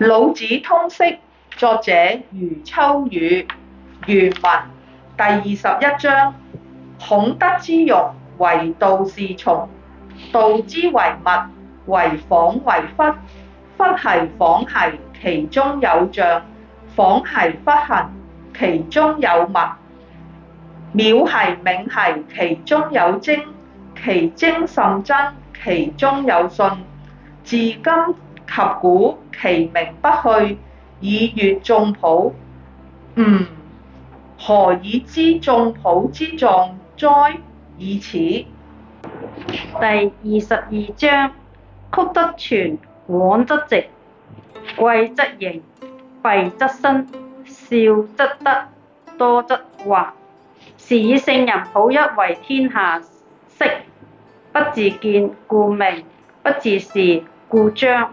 《老子通釋》作者余秋雨，原文第二十一章：孔德之容，惟道是從；道之為物，惟恍惟惚。惚兮恍兮，其中有象；恍兮惚兮，其中有物。渺兮冥兮，其中有精；其精其甚真，其中有信。至今。合古其名不去，以閱眾甫。嗯，何以知眾甫之狀哉？以此。第二十二章：曲則全，枉則直，貴則盈，敝則新，少則得，多則惑。是以聖人，抱一為天下色，息不自見，故明；不自是，故彰。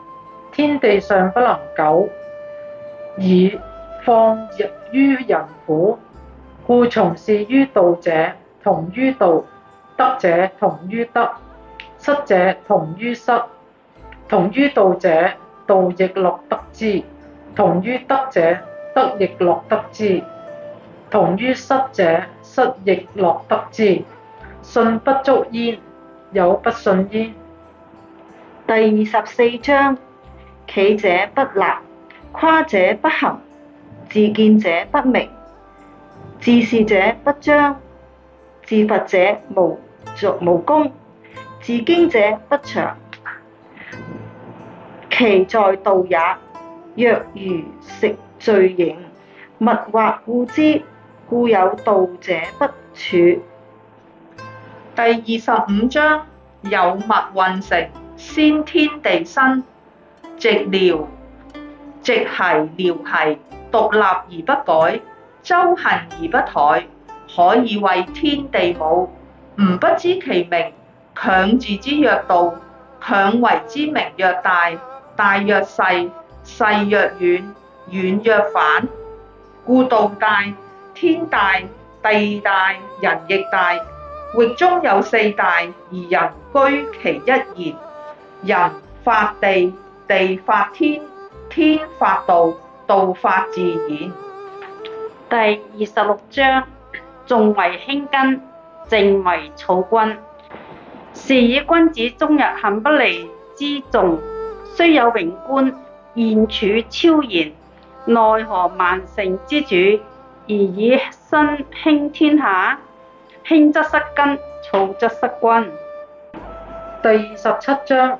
天地尚不能久，而況於人乎？故從事於道者，同於道；德者，同於德，失者同於失。同於道者，道亦樂得之；同於德者，德亦樂得之；同於失者，失亦樂得之。信不足焉，有不信焉。第二十四章。企者不立，跨者不行，自見者不明，自是者不彰，自伐者無作無功，自矜者不長。其在道也，若愚，食罪盈，物或惡之，故有道者不處。第二十五章：有物混成，先天地生。寂寥，寂兮，寥兮，獨立而不改，周行而不殆，可以為天地母。吾不知其名，強字之曰道，強為之名曰大。大曰逝，逝曰遠，遠曰反。故道大，天大，地大，人亦大。域中有四大，而人居其一焉。人法地。地法天，天法道，道法自然。第二十六章：重為輕根，靜為躁君。是以君子終日行不離輜重，雖有榮觀，燕處超然。奈何萬乘之主，而以身輕天下？輕則失根，躁則失君。第二十七章。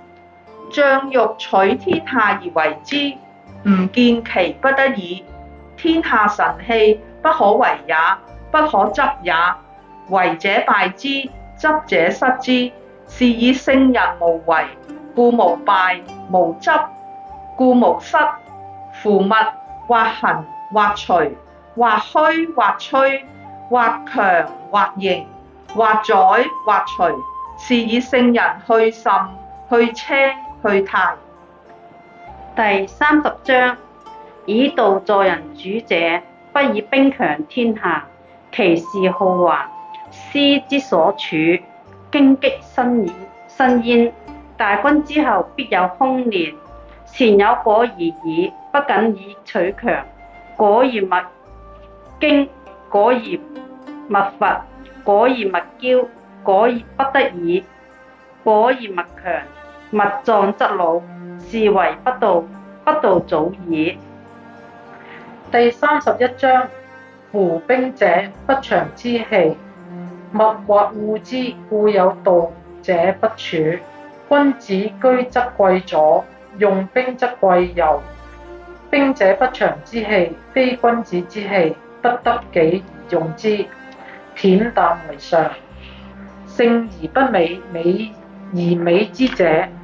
將欲取天下而為之，吾見其不得已。天下神器，不可為也，不可執也。為者敗之，執者失之。是以聖人無為，故無敗；無執，故無失。夫物或行或隨，或虛或吹，或強或羸，或宰，或隨。是以聖人去甚，去奢。去泰第三十章：以道佐人主者，不以兵強天下，其事好還。師之所處，荊棘生焉。生焉。大軍之後，必有凶年。善有果而已，不僅以取強。果而勿矜，果而勿伐，果而勿驕，果而不得已，果而勿強。物壯則老，是謂不道，不道早已。第三十一章：夫兵者，不祥之器，物或惡之，故有道者不處。君子居則貴左，用兵則貴右。兵者，不祥之器，非君子之器，不得，得已而用之，恬淡為上。勝而不美，美而美之者，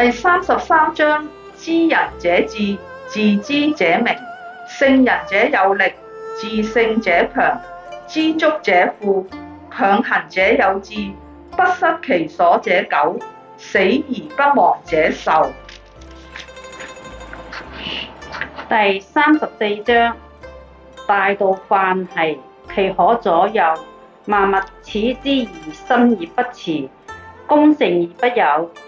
第三十三章：知人者智，自知者明；勝人者有力，自勝者強；知足者富，強行者有志；不失其所者久，死而不亡者壽。第三十四章：大道泛兮，其可左右；萬物恃之而生而不辭，功成而不有。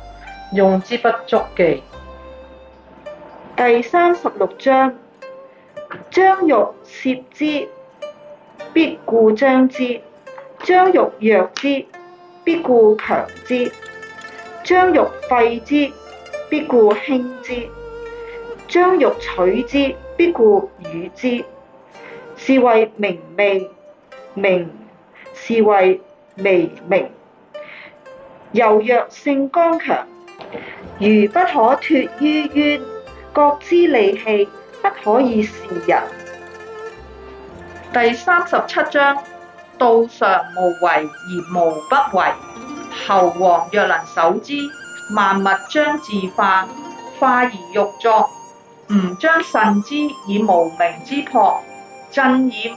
用之不足既。第三十六章：將欲歙之，必固張之；將欲弱之，必固強之；將欲廢之，必固興之；將欲取之，必固與之。是謂明未明，是謂微明。柔弱勝剛強。如不可脫於淵，國之利器不可以示人。第三十七章：道常無為而無不為。侯王若能守之，萬物將自化，化而欲作，吾將鎮之以無名之朴。鎮以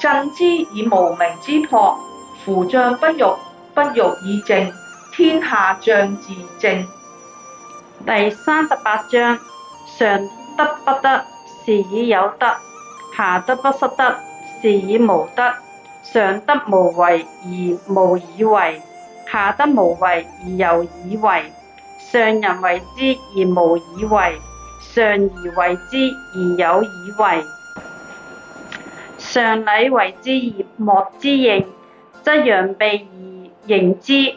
鎮之以無名之朴，夫將不欲，不欲以靜，天下將自正。第三十八章：上德不德，是以有德；下德不失德，是以無德。上德無為而無以為，下德無為而有以為。上仁為之而無以為，上義為之而有以為，上禮為之而莫之應，則攘臂而迎之。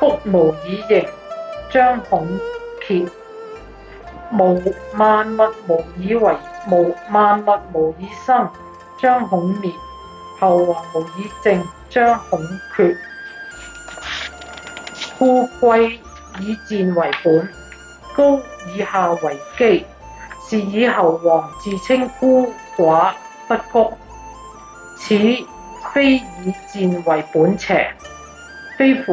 谷無以形，將恐竭；無萬物無以為無萬物無以生，將恐滅。侯王無以正，將恐蹶。故貴以賤為本，高以下為基。是以侯王自稱孤寡不谷。此非以賤為本邪？非乎？